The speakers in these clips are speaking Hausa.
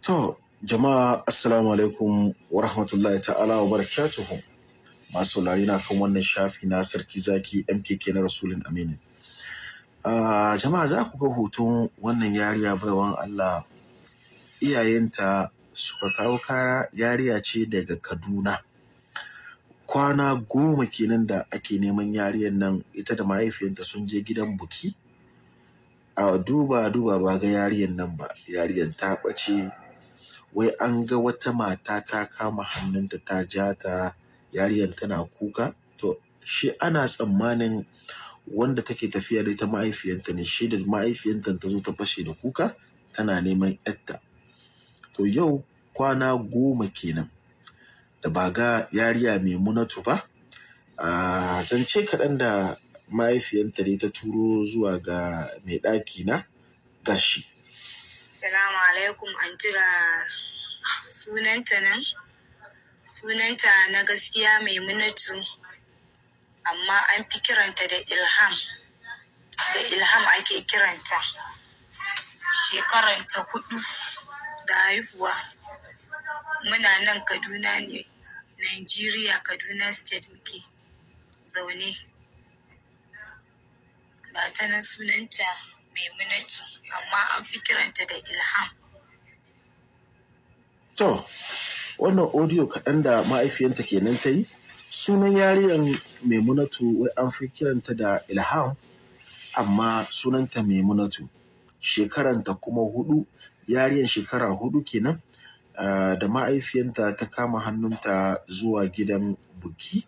To, jama'a assalamu alaikum wa rahmatullahi ta'ala wa barakatuhu. Masu na kan wannan shafi na sarki zaki MKK na Rasulun Aminu. jama'a za ku ga hoton wannan yariya baiwan Allah iyayenta suka kawo kara yariya ce daga Kaduna. Kwana goma kenan da ake neman yariyar nan ita da mahaifiyanta sun je gidan buki. a duba duba ba ga yariyan nan ba yariyan ta ɓace wai an ga wata mata ta kama hannunta ta ja ta yarinyar tana kuka to shi ana tsammanin wanda take tafiya da ita mahaifiyanta ne shi da ma'aifiyanta ta zo ta fashe da kuka tana neman yatta to yau kwana goma kenan da ba ga yariya mai munatu ba a zance kaɗan da mahaifiyanta ne ta turo zuwa ga mai ɗaki na gashi Assalamu alaikum an jira sunanta nan. Sunanta na gaskiya mai munatu amma an fi kiranta da ilham. Da ilham ake kiranta. Shekaranta hudu da haihuwa. Muna nan Kaduna ne, Nigeria Kaduna State muke zaune. Ba ta nan sunanta. maimunatu amma an fi kiranta da ilham to wannan audio kaɗan da ma'aifiyanta kenan ta yi sunan yarinyar maimunatu wai an fi kiranta da ilham amma sunanta maimunatu shekaranta kuma hudu yariyan shekara hudu kenan ah, da ma'aifiyanta ta kama hannunta zuwa gidan buki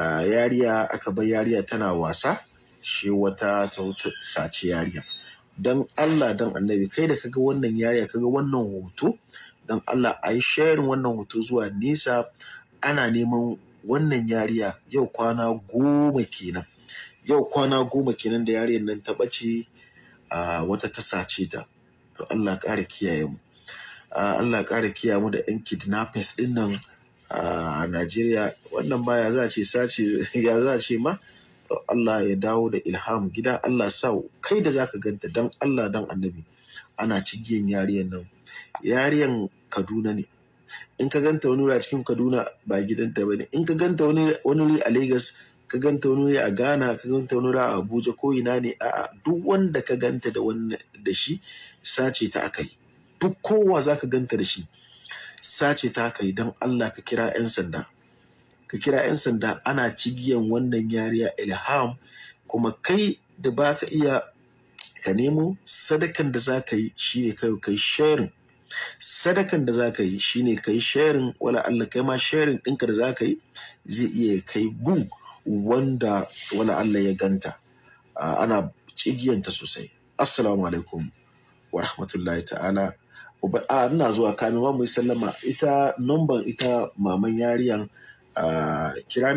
ah, yariya aka bar yariya tana wasa shi wata sace yariya don Allah don annabi kai da kaga wannan yariya kaga wannan hoto don Allah a yi sharing wannan hoto zuwa nisa ana neman wannan yariya yau kwana goma kenan yau kwana goma kenan da yariyar nan ta ɓace a wata ta sace ta to Allah ƙara kiyaye mu Allah ƙara kiyaye mu da 'yan kidnappers ɗin nan a Najeriya wannan baya ya za ce ma Allah ya dawo da ilham gida Allah sa kai da zaka ganta dan Allah dan annabi ana cigiyan yariyan nan yariyan Kaduna ne in ka ganta wani wuri a cikin Kaduna ba gidanta bane in ka ganta wani wuri a Lagos ka ganta wani wuri a Ghana ka ganta wani wuri a Abuja ko ina ne a duk wanda ka ganta da wannan da shi sace ta akai duk kowa zaka ganta da shi sace ta akai dan Allah ka kira 'yan sanda ka kira 'yan sanda ana cigiyan wannan yariya ilham kuma kai da ba ka iya ka nemo sadakan da za ka yi shi ne kai kai sharing sadakan da za ka yi shi ne kai sharing wala Allah kai ma sharing ɗinka da za ka yi zai iya kai gun wanda wala Allah ya ganta ana cigiyanta sosai assalamu alaikum wa rahmatullahi ta'ala a ina zuwa kamin ma mu sallama ita numban ita maman yariyan uh, kira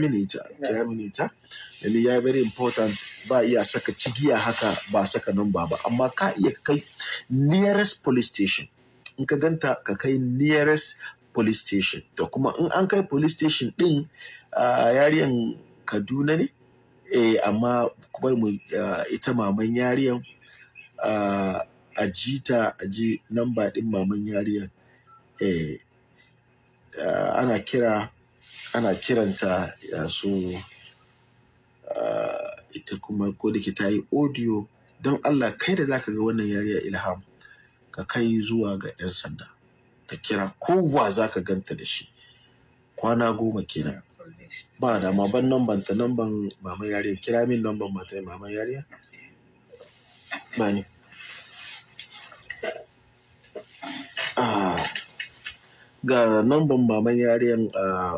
yani ya very important ba iya saka cigiya haka ba saka namba ba amma ka iya kai nearest police station in ka ganta ka kai nearest police station to kuma in an kai police station din yariyan kaduna ne eh amma kuma mu ita maman yariyan a a jita a ji namba din maman yariyan eh ana kira ana kiranta ya so ah, ita kuma ko da ke ta yi audio don Allah kai da zaka ga wannan yariya ilham ka kai zuwa ga 'yan sanda ka kira kowa zaka ganta da shi kwana goma kenan ba da ma ban namban ta ban mama yariya kira min namban mata mama yariya ba ne ah, ga ban maman yariyan a ah,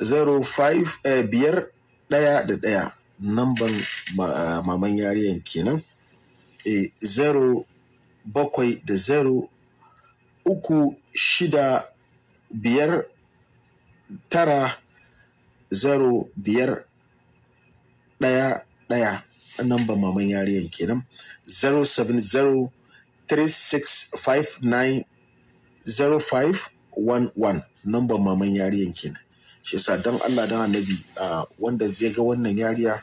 05 eh, biyar ɗaya da ɗaya namban eh, maman yariyan kenan e, zero bakwai da zero uku shida biyar tara zero biyar ɗaya ɗaya namban maman yariyan kenan zero seven zero three six five nine zero five one one namban maman yariyan kenan shi yasa dan Allah dan Annabi wanda zai ga wannan yariya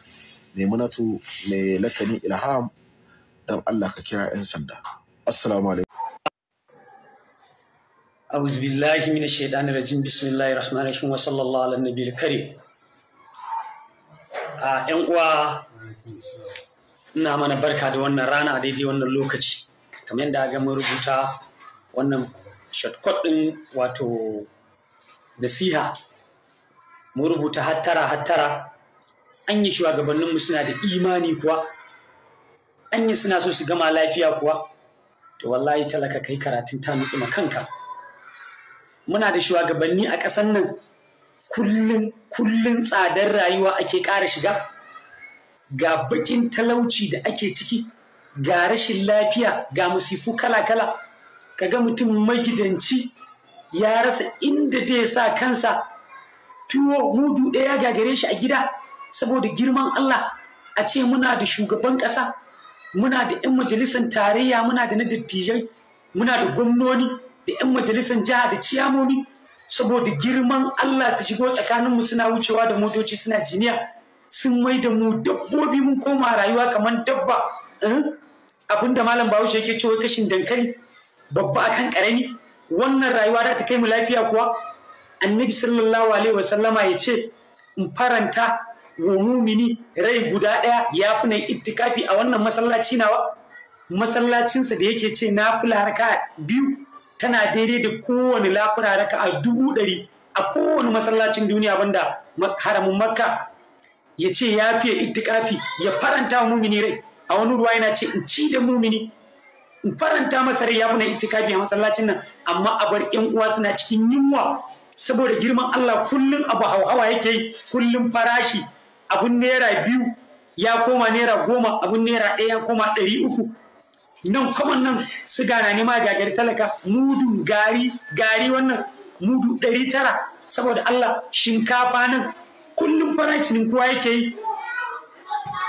Maimunatu mai lakani Ilham don Allah ka kira 'yan sanda assalamu alaikum أعوذ بالله من الشيطان الرجيم بسم الله الرحمن الرحيم وصلى ala على النبي a ‘yan uwa ina mana barka da wannan rana a daidai wannan lokaci kamar yadda ga mun rubuta wannan shortcut ɗin wato nasiha mu rubuta hattara hattara an yi shugabanninmu suna da imani kuwa an yi suna so su gama lafiya kuwa to wallahi talaka kai karatun ta nutsu kanka muna da shugabanni a ƙasan nan kullum kullum tsadar rayuwa ake ƙara shiga ga bakin talauci da ake ciki ga rashin lafiya ga musifu kala-kala Ka ga mutum magidanci ya rasa inda zai sa kansa tuwo mudu ɗaya gagare shi a gida saboda girman Allah a ce muna da shugaban ƙasa muna da 'yan majalisar tarayya muna da na dattijai muna da gwamnoni da 'yan majalisar jiha da ciyamomi saboda girman Allah su shigo tsakanin mu suna wucewa da motoci suna jiniya sun mai da mu dabbobi mun koma rayuwa kamar dabba eh? abin da malam bahaushe yake cewa kashin dankali babba akan karami wannan rayuwa za ta kai mu lafiya kuwa annabi sallallahu alaihi wa sallama ya ce in faranta wa mumini rai guda ɗaya ya fi na ittikafi a wannan masallaci nawa masallacinsa da yake ce na fula raka biyu tana daidai da kowane lafura raka a dubu ɗari a kowane masallacin duniya banda haramun makka ya ce ya fiye ittikafi ya faranta wa mumini rai a wani ruwa yana ce in ci da mumini in faranta masa rai ya fi na ittikafi a masallacin nan amma a bar 'yan uwa suna cikin yunwa saboda girman Allah kullum abu hauhawa yake yi kullum farashi abun naira biyu ya koma naira goma abun naira ɗaya ya koma ɗari uku nan kuma nan siga na nema gagari talaka mudu gari gari wannan mudu ɗari tara saboda Allah shinkafa nan kullum farashin kowa yake yi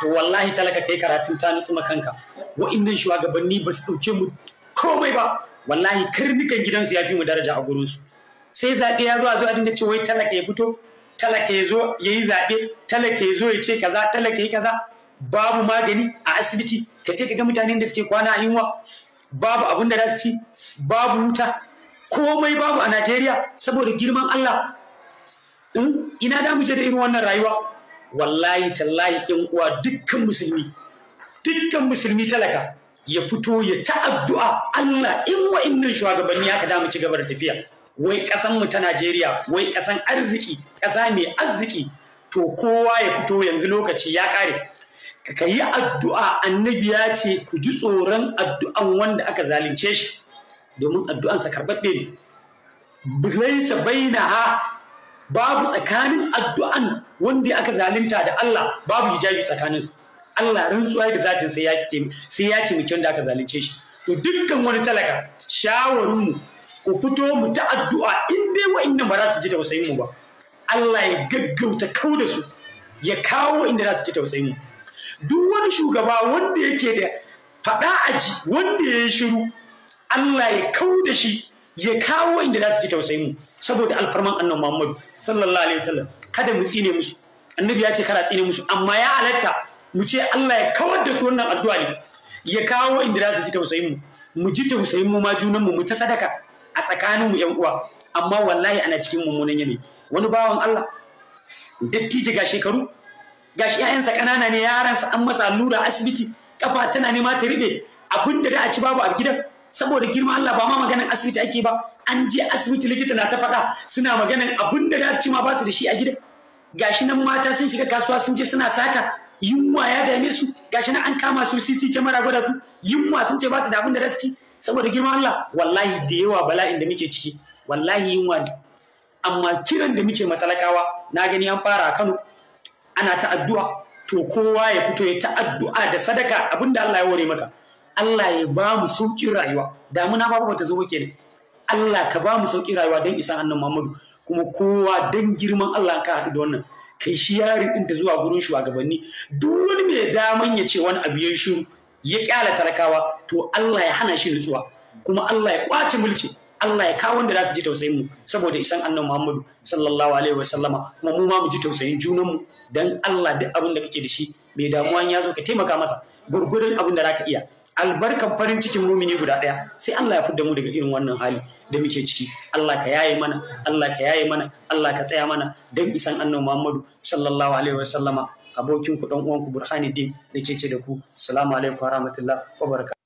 to wallahi talaka kai karatun ta nufi kanka wa'innan shugabanni ba su ɗauke mu komai ba wallahi karnukan gidansu ya fi mu daraja a gurinsu sai zaɓe ya zo a zo a dinga ce wai talaka ya fito talaka ya zo ya yi zaɓe talaka ya zo ya ce kaza talaka ya kaza babu magani a asibiti ka ce ga mutanen da suke kwana a yunwa babu abin da za su ci babu wuta komai babu a Najeriya saboda girman Allah hmm? ina da mu da irin wannan rayuwa wallahi tallahi ɗan uwa dukkan musulmi dukkan musulmi talaka ya fito ya ta addu'a Allah in wa'annan shugabanni haka da mu ci gaba da tafiya wai ƙasan mu ta Najeriya wai ƙasan arziki ƙasa mai arziki to kowa ya fito yanzu lokaci ya ƙare ka yi addu'a annabi ya ce ku ji tsoron addu'an wanda aka zalunce shi domin addu'ansa karɓaɓɓe ne bai na ha. babu tsakanin addu'an wanda aka zalunta da Allah babu hijabi tsakanin su Allah rantsuwa da zatin sai ya ce mutum da aka zalunce shi to dukkan wani talaka shawarinmu ku fito mu ta addu'a in dai wa'annan ba za su ji tausayin mu ba Allah ya gaggauta kau da su ya kawo inda za su ji tausayin mu duk wani shugaba wanda yake da faɗa aji wanda ya yi shiru Allah ya kau da shi ya kawo inda za su ji tausayin mu saboda alfarman annabi Muhammad sallallahu alaihi wasallam kada mu tsine musu annabi ya ce kada tsine musu amma ya halatta mu ce Allah ya kawar da su wannan addu'a ne ya kawo inda za su ji tausayin mu mu ji tausayin mu ma junan mu ta sadaka a tsakaninmu yan uwa amma wallahi ana cikin mummunan yanayi wani bawan Allah dattijo ga shekaru gashi 'ya'yansa ƙanana ne yaransa an masa allura asibiti kafa tana nema ta riɓe abin da da a ci babu a gidan saboda girma Allah ba ma maganin asibiti ake ba an je asibiti likita na ta faɗa suna maganan abin da za su ci ma ba su da shi a gidan gashi nan mata sun shiga kasuwa sun je suna sata yunwa ya dame su gashi nan an kama su sisi kyamara gwada su yunwa sun ce ba su da abin da za su ci saboda girman Allah wallahi da yawa bala'in da muke ciki wallahi yunwa amma kiran da muke matalakawa na gani an fara a Kano ana ta addu'a to kowa ya fito ya ta addu'a da sadaka abinda Allah ya ware maka Allah ya ba mu sauƙin rayuwa damuna ba ta zo ne. Allah ka ba mu sauƙin rayuwa dan isa annan Muhammadu kuma kowa don girman Allah ka haɗu da wannan kai shi yarin da zuwa gurin shugabanni duk wani mai daman ya ce wani abu ya shiru ya ƙyale talakawa to Allah ya hana shi nutsuwa kuma Allah ya kwace mulki Allah ya kawo wanda za su ji tausayin mu saboda isan annabi Muhammadu sallallahu alaihi wa sallama kuma mu ma mu ji tausayin junan mu dan Allah duk abin da kake da shi mai damuwa ya zo ka taimaka masa gurgurin abin da zaka iya albarkan farin cikin mumini guda ɗaya sai Allah ya fudda mu daga irin wannan hali da muke ciki Allah ka yaye mana Allah ka yaye mana Allah ka tsaya mana dan isan annabi Muhammadu sallallahu alaihi wa sallama. abokin ku dan uwan ku Burhanuddin da ke ce da ku salamu alaikum wa rahmatullah wa